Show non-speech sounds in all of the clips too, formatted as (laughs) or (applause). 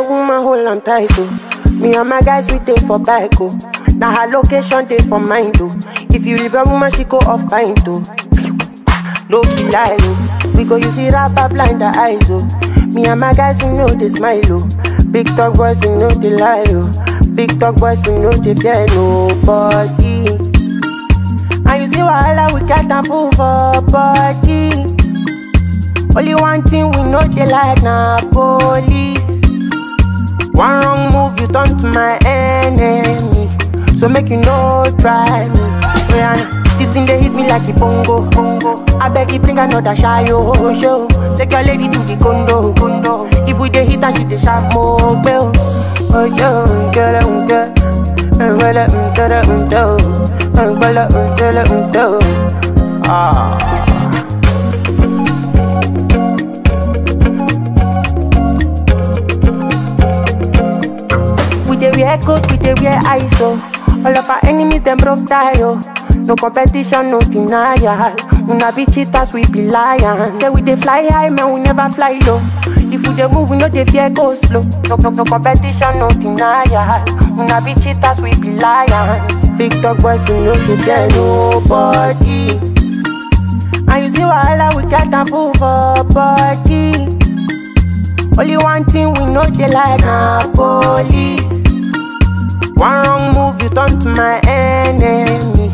a woman hold on tight, oh. Me and my guys, we take for bike, oh. Now her location take for mine, oh. If you leave a woman, she go off pint, oh. No be lie, oh. We go use it rapper blind the eyes, oh. Me and my guys, we know they smile, oh. Big talk boys, we know they lie, oh. Big talk boys, we know they fear nobody. And you see wahala, we get and move for body. Only one thing we know they like, na police. One wrong move, you turn to my enemy. So make you no try me. Yeah. The thing they hit me like a bongo, bongo. I beg you bring another shayo, show. Take your lady to the condo, condo. If we dey hit and she dey sharp more, Oh yeah, girl, um, girl. Well, um, girl, um, girl. Well, um, girl, um, girl. Ah. wear coat, we dey wear ISO. All of our enemies, them broke tie, oh. No competition, no denial. We not be cheaters, we be lions. Say we dey fly high, man, we never fly low. If we dey move, we no dey fear go slow. No, no, no competition, no denial. We not be cheaters, we be lions. Big dog boys, we no dey fear nobody. And you see why wahala, we get a full for body. Only one thing we know they like na police. One wrong move, you turn to my enemy.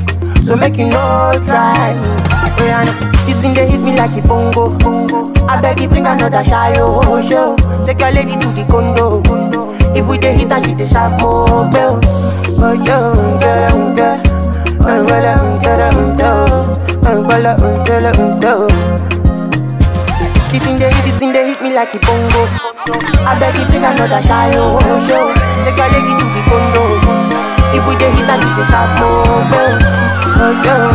So make you no try me. Oh, yeah, the thing they hit me like a bongo. bongo. I beg you bring another shayo. Oh, show. Take your lady to the condo. If we dey hit and she dey sharp more bell. Oh yo, girl, girl, girl, girl, girl, girl, girl, girl, The thing they hit, the thing they hit me like a bongo. I beg you, take another time, oh, oh. Take a leg to the condo. If we dey hit and hit the sharp mode, oh, oh.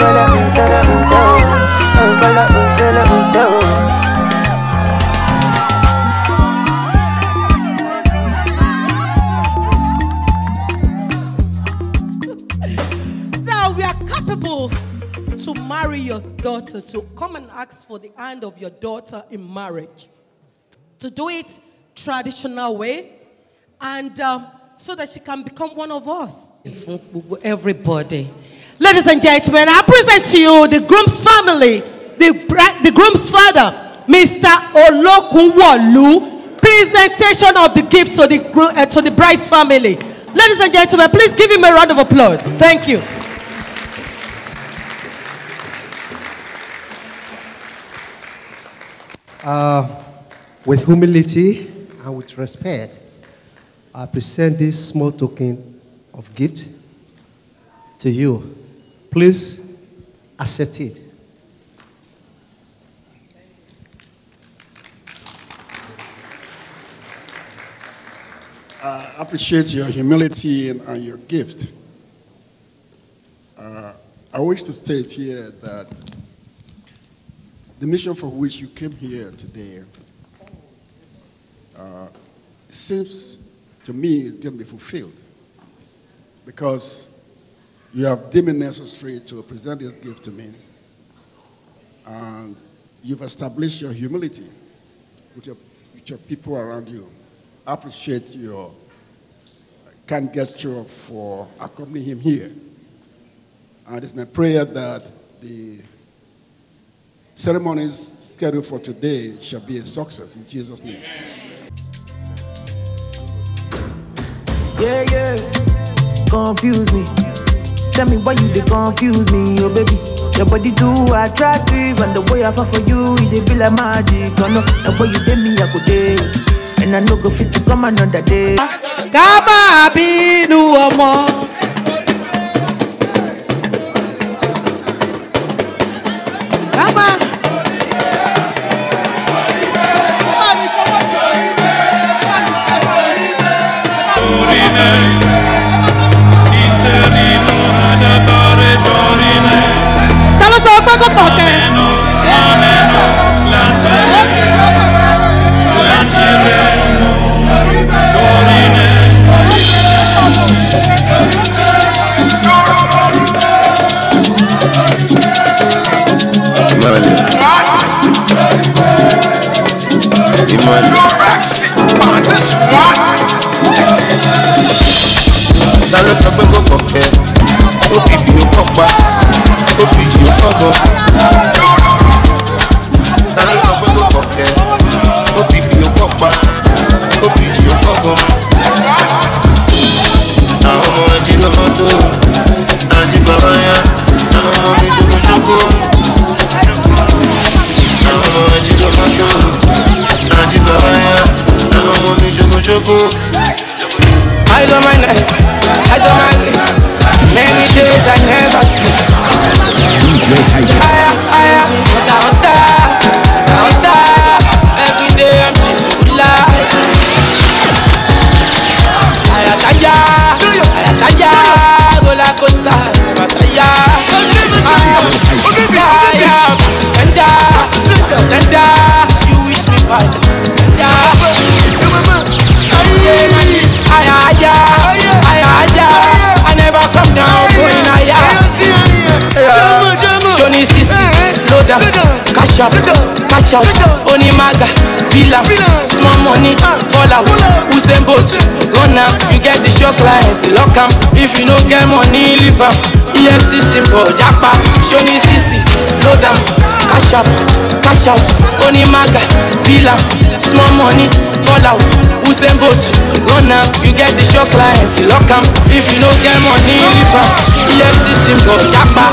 Oh, oh, oh, oh, oh, oh, oh, oh, oh, oh, oh, oh, oh, oh, oh, your daughter to come and ask for the hand of your daughter in marriage. To do it traditional way and um, so that she can become one of us. Everybody. Ladies and gentlemen, I present to you the groom's family, the, the groom's father, Mr. Olokunwolu. Presentation of the gift to the, uh, to the bride's family. Ladies and gentlemen, please give him a round of applause. Thank you. Uh, with humility and with respect, I present this small token of gift to you. Please accept it. I appreciate your humility and, and your gift. Uh, I wish to state here that the mission for which you came here today uh, seems to me is going to be fulfilled because you have deemed it necessary to present this gift to me. And you've established your humility with your, with your people around you. I appreciate your kind gesture for accompanying him here. And it's my prayer that the ceremonies scheduled for today shall be a success in Jesus' name. Yeah, yeah, confuse me. Tell me why you confuse me, oh baby. Your body too attractive, and the way I fall for you, it be like magic. Oh no, the way you me, I could day, and I go fit to come another day. money. down, cash out, cash out. maga, Bila, small money, all out. Who's them boats? Run ah. you get it, your client, lock em. If you no get money, leave em. EFCC, bro, japa, show me CC, load em cash out cash out onímàgà pílà small money fall out usain bolt run am you get the sure client lock am if you know get money leave am efcc go japa.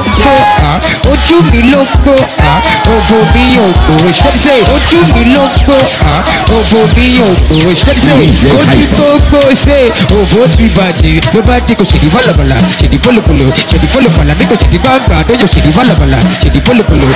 ojú mi ló gbó ògbó mi yóò gbòòrò ṣẹ́ṣẹ́ ojú mi ló gbó ògbó mi yóò gbòòrò ṣẹ́ṣẹ́ ojú tó gbó ṣe ògbó ti bàjẹ́ tó bá dé kò ṣèdí bọ́lọ̀bọ̀là ṣèdí bọ́lọ̀bọ̀là ṣèdí bọ́lọ̀bọ̀là bí kò ṣèdí bá ń bà á dọ́jọ́ ṣèdí bọ́lọ̀bọ̀là ṣèdí bọ́lọ̀bọ̀là ṣèdí bọ́lọ̀bọ̀là.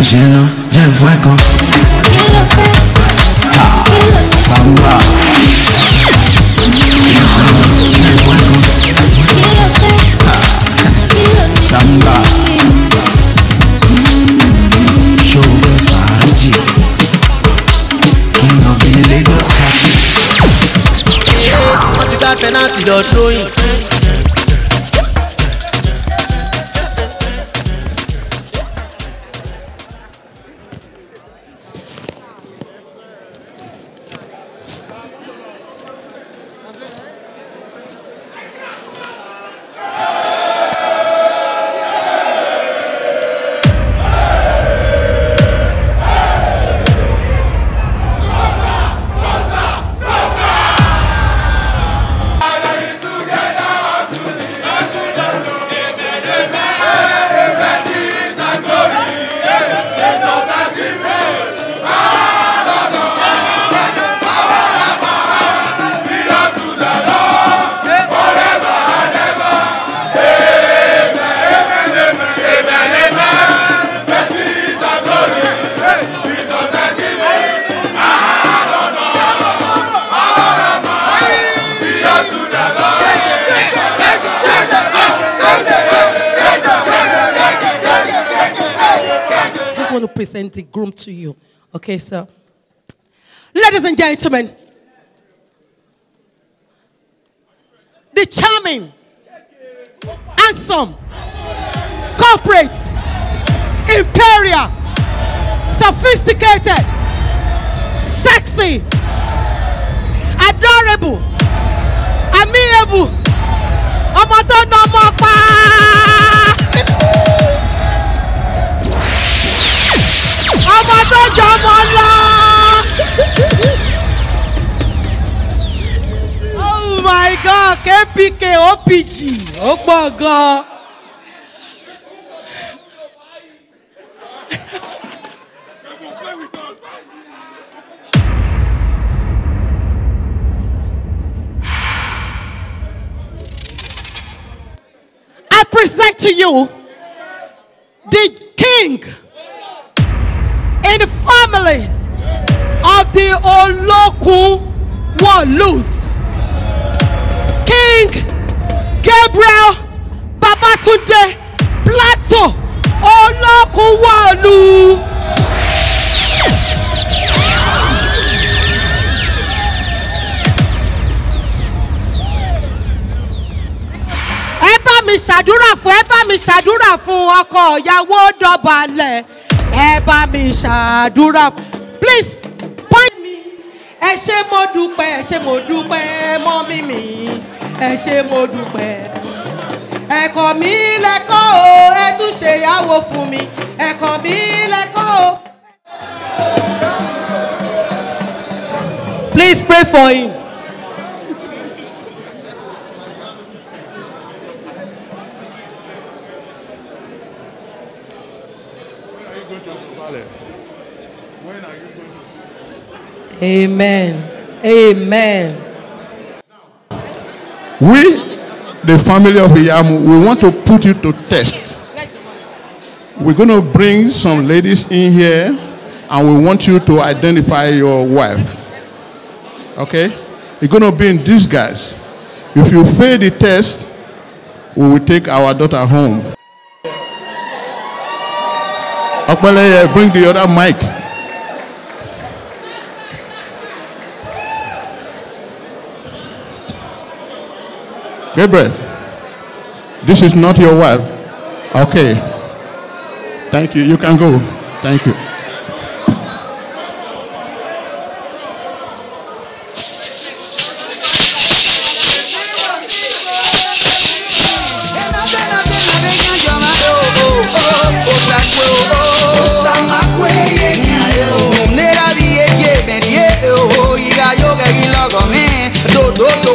ń ṣe lọ jẹ́ ìfọ́ ẹ̀kan. samba. samba. ṣó fẹ́ fàájì king of the Lagos party. wọ́n ti gbá pẹ́nàtì lọ tróyìn. the groom to you. Okay, so ladies and gentlemen, the charming, handsome, corporate, imperial, sophisticated, sexy, adorable, amiable. Oh my God. I present to you the king and the families of the Oloku Walus. King Gabriel Babatunde Plateau Olókùnwọ̀lù. ẹ bá mi ṣàdúrà fún ẹ bá mi ṣàdúrà fún ọkọ ìyàwó dọ̀bálẹ̀ ẹ mi ṣàdúrà please point me ẹ ṣé mo dúpẹ́ ẹ ṣé mo dúpẹ́ mọ́ mímì ẹ ṣé mo dúpẹ́. ẹ̀kọ́ mi lẹ́kọ́ o ẹ tún ṣèyàwó fún mi ẹ̀kọ́ mi lẹ́kọ́ o. Please pray for him. Amen. Amen. We, the family of Iyamu, we want to put you to test. We're going to bring some ladies in here and we want you to identify your wife. Okay? You're going to be in disguise. If you fail the test, we will take our daughter home. Opeleye, bring the other mic. Gabriel, this is not your wife. Okay. Thank you. You can go. Thank you.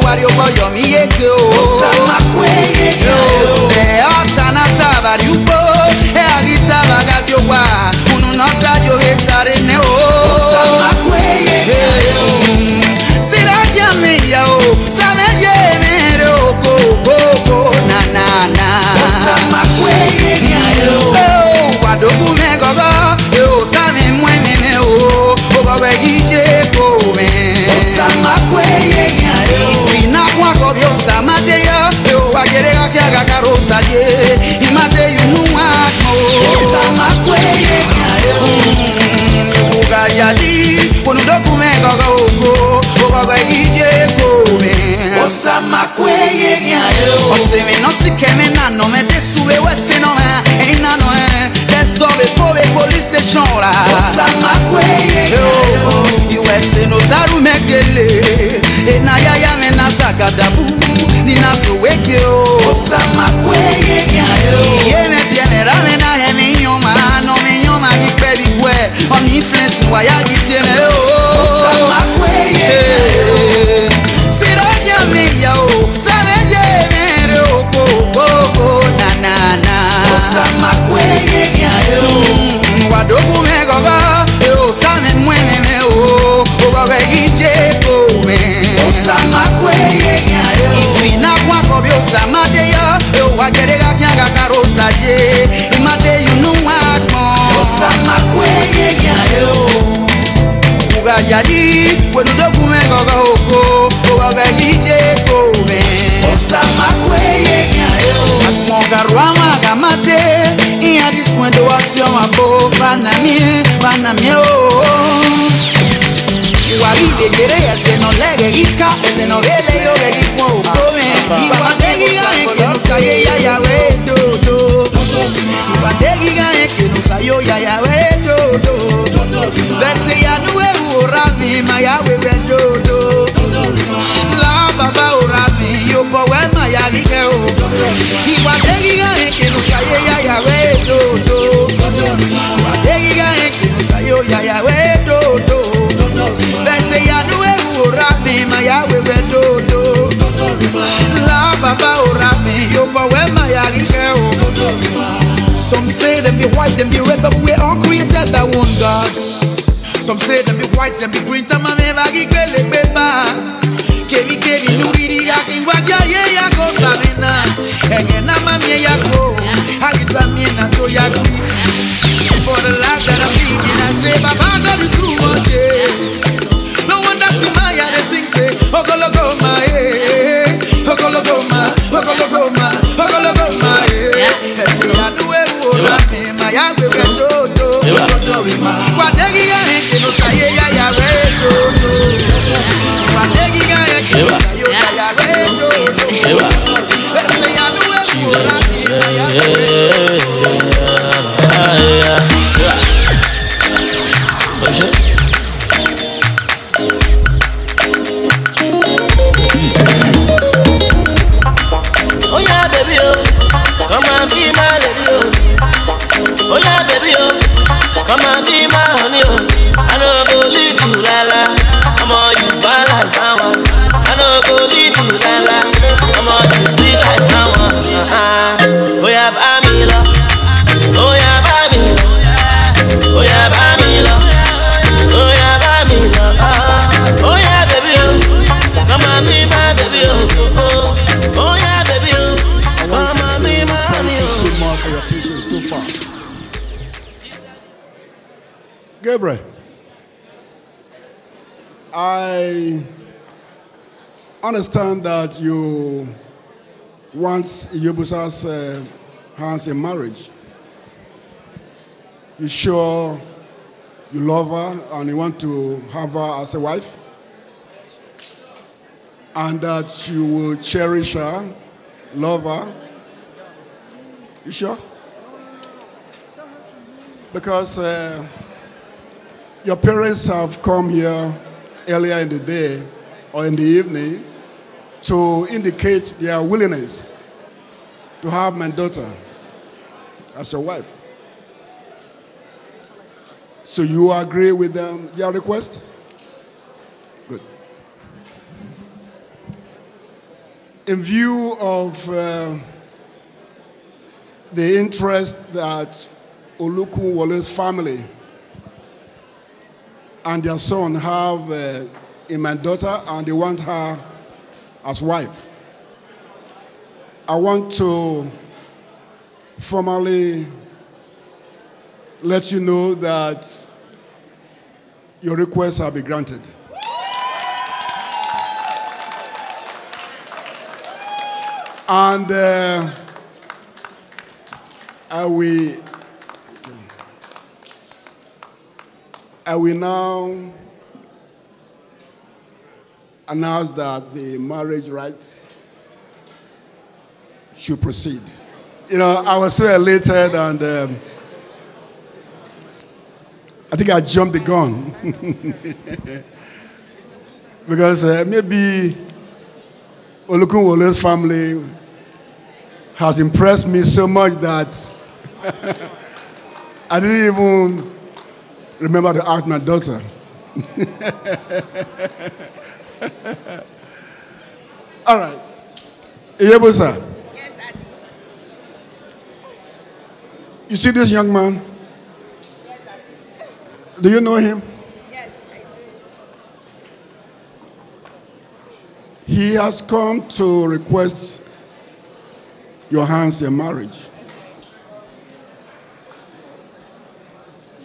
Warioboyo mi yege o. Osamakwe yege o. Bẹ́ẹ̀ ọ̀tá náà tàbí àdúgbò. Osa makwe ye gyayo Ose me no si keme nano Me desu be wese no na E nano e Deso be fo be police station la Osa makwe ye gyayo Iwese no zaru me gele E na ya ya me na zakadabu Nina so weke o Osa makwe ye gyayo Ye me piene me na he mi yoma No mi yoma di kwe di kwe On influence waya Ay. white, them be red, but we all created by one God. Some say them be white, them be green, some I never get paper. glory, my. understand that you want Iyobusa's uh, hands in marriage. You sure you love her and you want to have her as a wife? And that you will cherish her, love her? You sure? Because uh, your parents have come here earlier in the day or in the evening to indicate their willingness to have my daughter as your wife. So you agree with um, their request? Good. In view of uh, the interest that Oluku Wale's family and their son have uh, in my daughter, and they want her as wife. I want to formally let you know that your requests have been granted. And uh, I will I will now announced that the marriage rights should proceed. You know, I was so elated and um, I think I jumped the gun. (laughs) because uh, maybe Olukunwole's family has impressed me so much that (laughs) I didn't even remember to ask my daughter. (laughs) (laughs) All right. Yes, Daddy. You see this young man? Yes, Do you know him? Yes, I do. He has come to request your hands in marriage.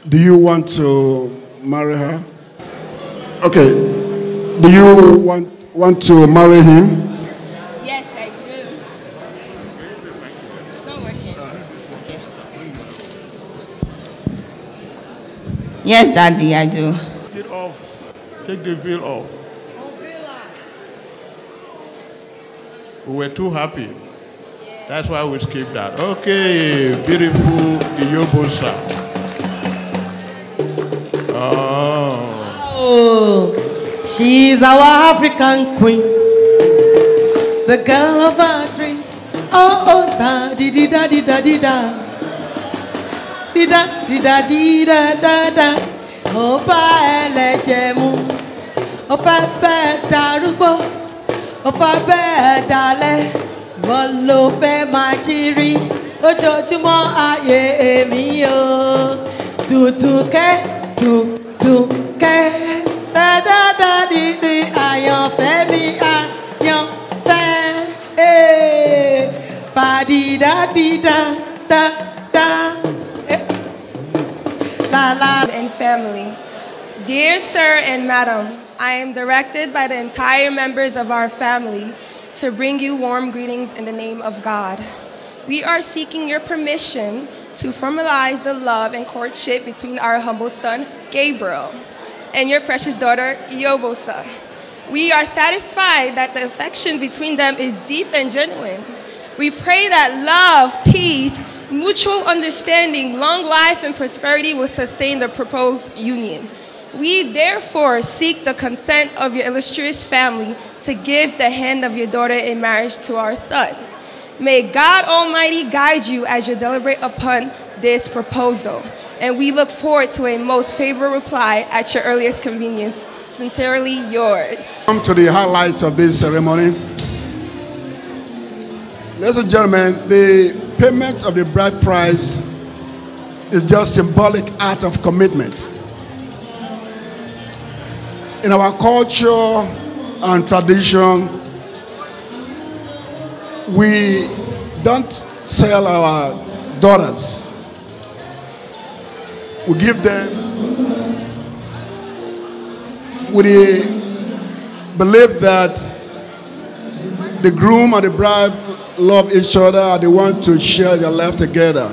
Do you want to marry her? Okay. Do you want, want to marry him? Yes, I do. It's not Okay. Yes, Daddy, I do. Take it off. Take the veil off. We were too happy. That's why we skipped that. Okay, beautiful Iyobosa. She's our African queen, the girl of our dreams. Oh, oh, da, di, di, da, di, da, di, da. Di, da, di, da, di, da, da, da. Ọba ẹlẹ́jẹ̀ jemu, ó fẹ́ bẹ́ẹ̀ darúgbó, ó fẹ́ bẹ́ẹ̀ dalẹ̀, wọ́n ló fẹ́ máa jí rí lójoojúmọ́ ayé èmi o. Tuntun kẹ́, tuntun kẹ́. and family. Dear Sir and Madam, I am directed by the entire members of our family to bring you warm greetings in the name of God. We are seeking your permission to formalize the love and courtship between our humble son, Gabriel and your precious daughter, Iobosa. We are satisfied that the affection between them is deep and genuine. We pray that love, peace, mutual understanding, long life, and prosperity will sustain the proposed union. We therefore seek the consent of your illustrious family to give the hand of your daughter in marriage to our son. May God Almighty guide you as you deliberate upon this proposal, and we look forward to a most favorable reply at your earliest convenience. Sincerely yours. Come to the highlights of this ceremony. Ladies and gentlemen, the payment of the bride price is just symbolic act of commitment. In our culture and tradition, we don't sell our daughters we give them we believe that the groom and the bride love each other and they want to share their life together.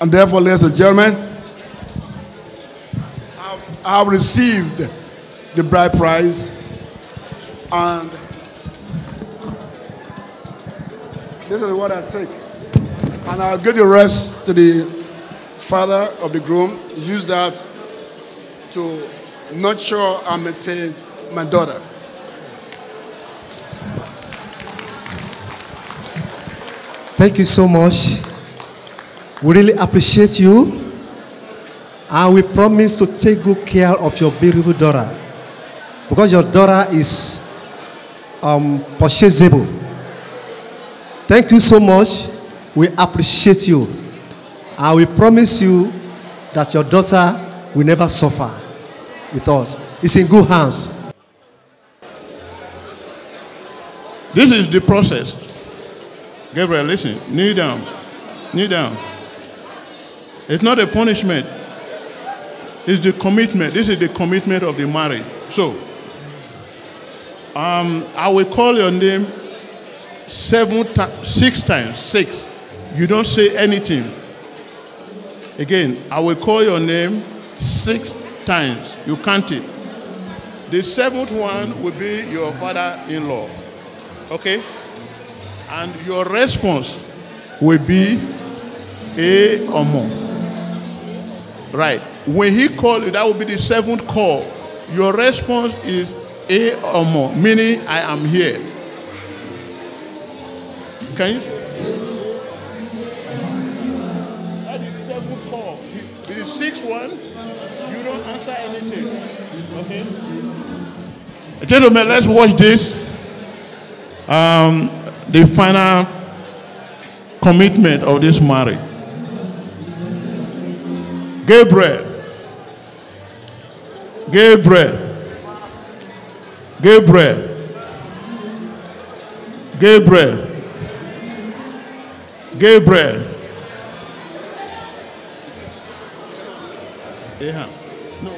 And therefore, ladies and gentlemen, I have received the bride prize and this is what I take. And I'll give the rest to the father of the groom used that to nurture and maintain my daughter. Thank you so much. We really appreciate you. And we promise to take good care of your beautiful daughter. Because your daughter is um, purchasable. Thank you so much. We appreciate you. I will promise you that your daughter will never suffer with us. It's in good hands. This is the process. Gabriel, listen, kneel down. Kneel down. It's not a punishment. It's the commitment. This is the commitment of the marriage. So, um, I will call your name seven, six times, six. You don't say anything. Again, I will call your name six times. You count it. The seventh one will be your father in law. Okay? And your response will be A or more. Right. When he calls you, that will be the seventh call. Your response is A or more, meaning I am here. Can you? one, you don't answer anything. Okay? Gentlemen, let's watch this. Um, the final commitment of this marriage. Gabriel. Gabriel. Gabriel. Gabriel. Gabriel. they have. No,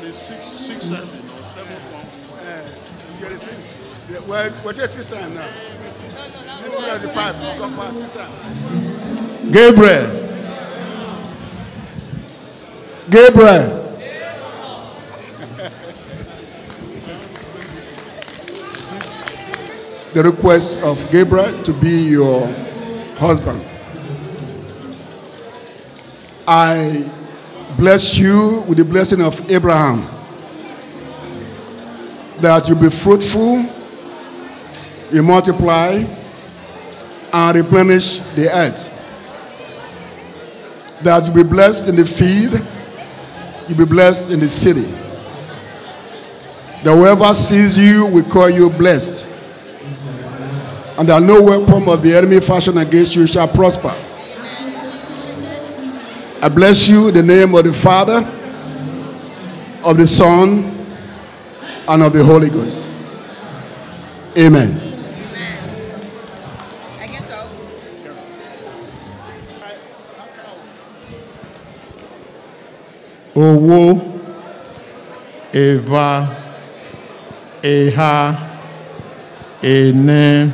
the six, six mm. sessions or seven pounds. Uh, the six. Yeah, well, what's your sister now? No, no, no. Maybe no, the five. Come past sister. Gabriel. Gabriel. (laughs) the request of Gabriel to be your husband. I bless you with the blessing of Abraham. That you be fruitful, you multiply, and replenish the earth. That you be blessed in the field, you be blessed in the city. That whoever sees you will call you blessed. And that no weapon of the enemy fashioned against you shall prosper I bless you in the name of the Father, of the Son, and of the Holy Ghost. Amen. Amen. I get so. Owo, Eva, Eha, Ene,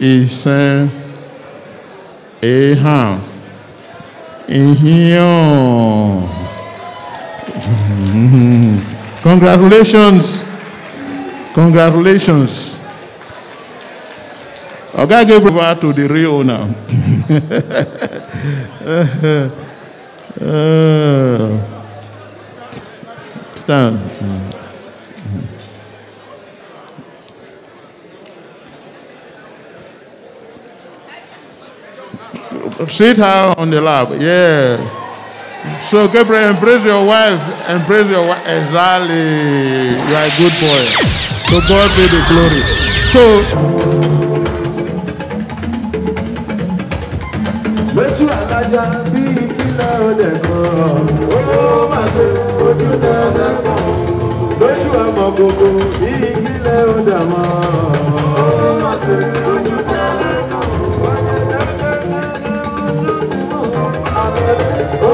Isen, eha. Mm-hmm. Congratulations. Congratulations. give gave over to the real owner. (laughs) Uh, uh, stand. sit her on the lap. Yeah. So Gabriel, embrace your wife. Embrace your wife. Exactly. You are a good boy. So God be the glory. So.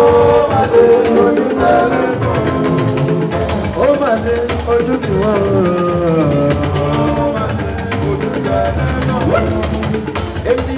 Oh, ṣe ojú tẹ́lẹ̀ ó má ṣe ojú tí wọ́n ó má ṣe ojú tẹ́lẹ̀ èmi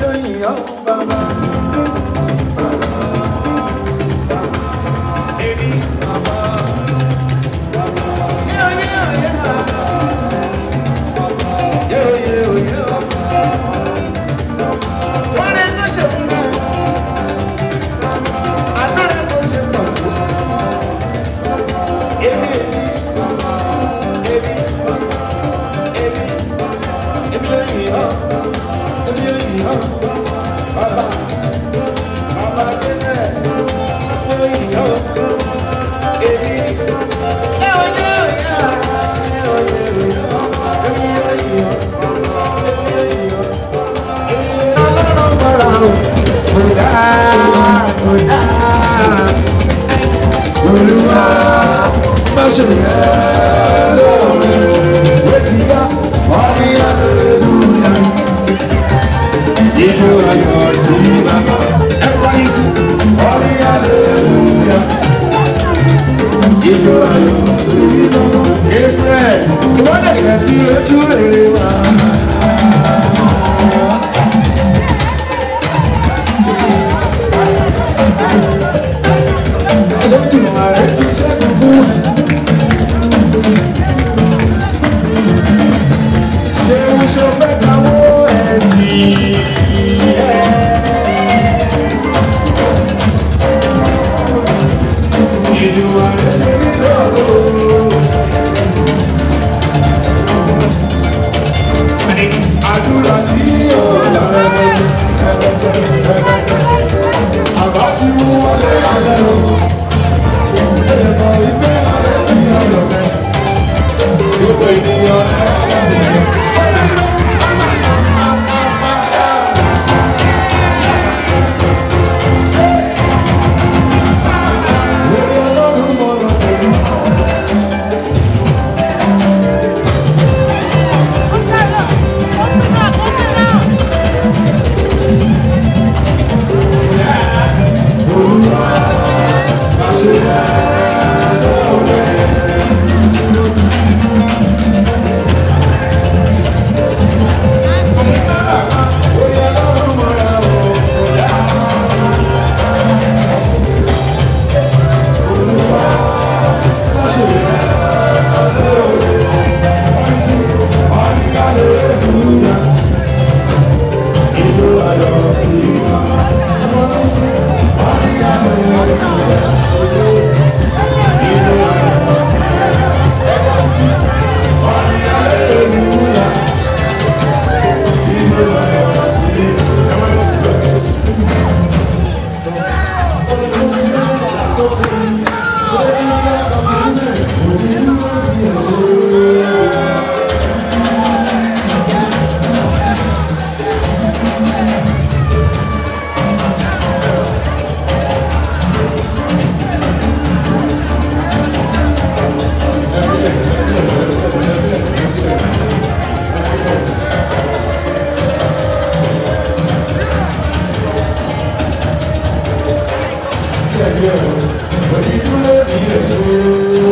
kódà olúwa má ṣe rẹ̀ lóore wetin ya ọmọ ya lóluya ìlú ayọ̀ sí bàbá ẹ̀kọ́ yìí sí ọmọ ya lóluya ayọ̀ sí bàbá ẹ̀kọ́ yìí sí ìwọ́n lè But you know, you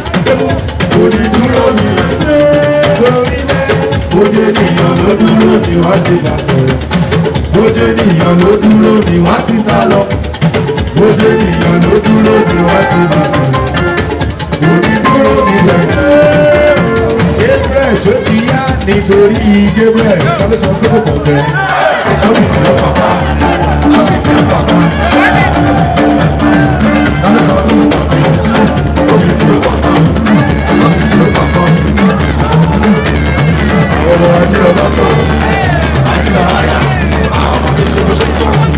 kò ní dúró ní rẹ̀ torí bẹ́ẹ̀ bójú ènìyàn ló dúró ni wọ́n ti dà sọ̀rọ̀ bójú ènìyàn ló dúró ni wọ́n ti sá lọ bójú ènìyàn ló dúró ni wọ́n ti dà sọ̀rọ̀ kò ní dúró ní rẹ̀ Gabriel ṣó ti yá nítorí Gabriel tàbí sọ fún kòkò bẹ́ẹ̀ tàbí fẹ́ pàpà tàbí fẹ́ pàpà tàbí sọ fún kòkò bẹ́ẹ̀. àti bàbá tó àti bàbá yá àwọn ọmọ tó ṣe bó ṣe tó.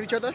Kraliçe'de?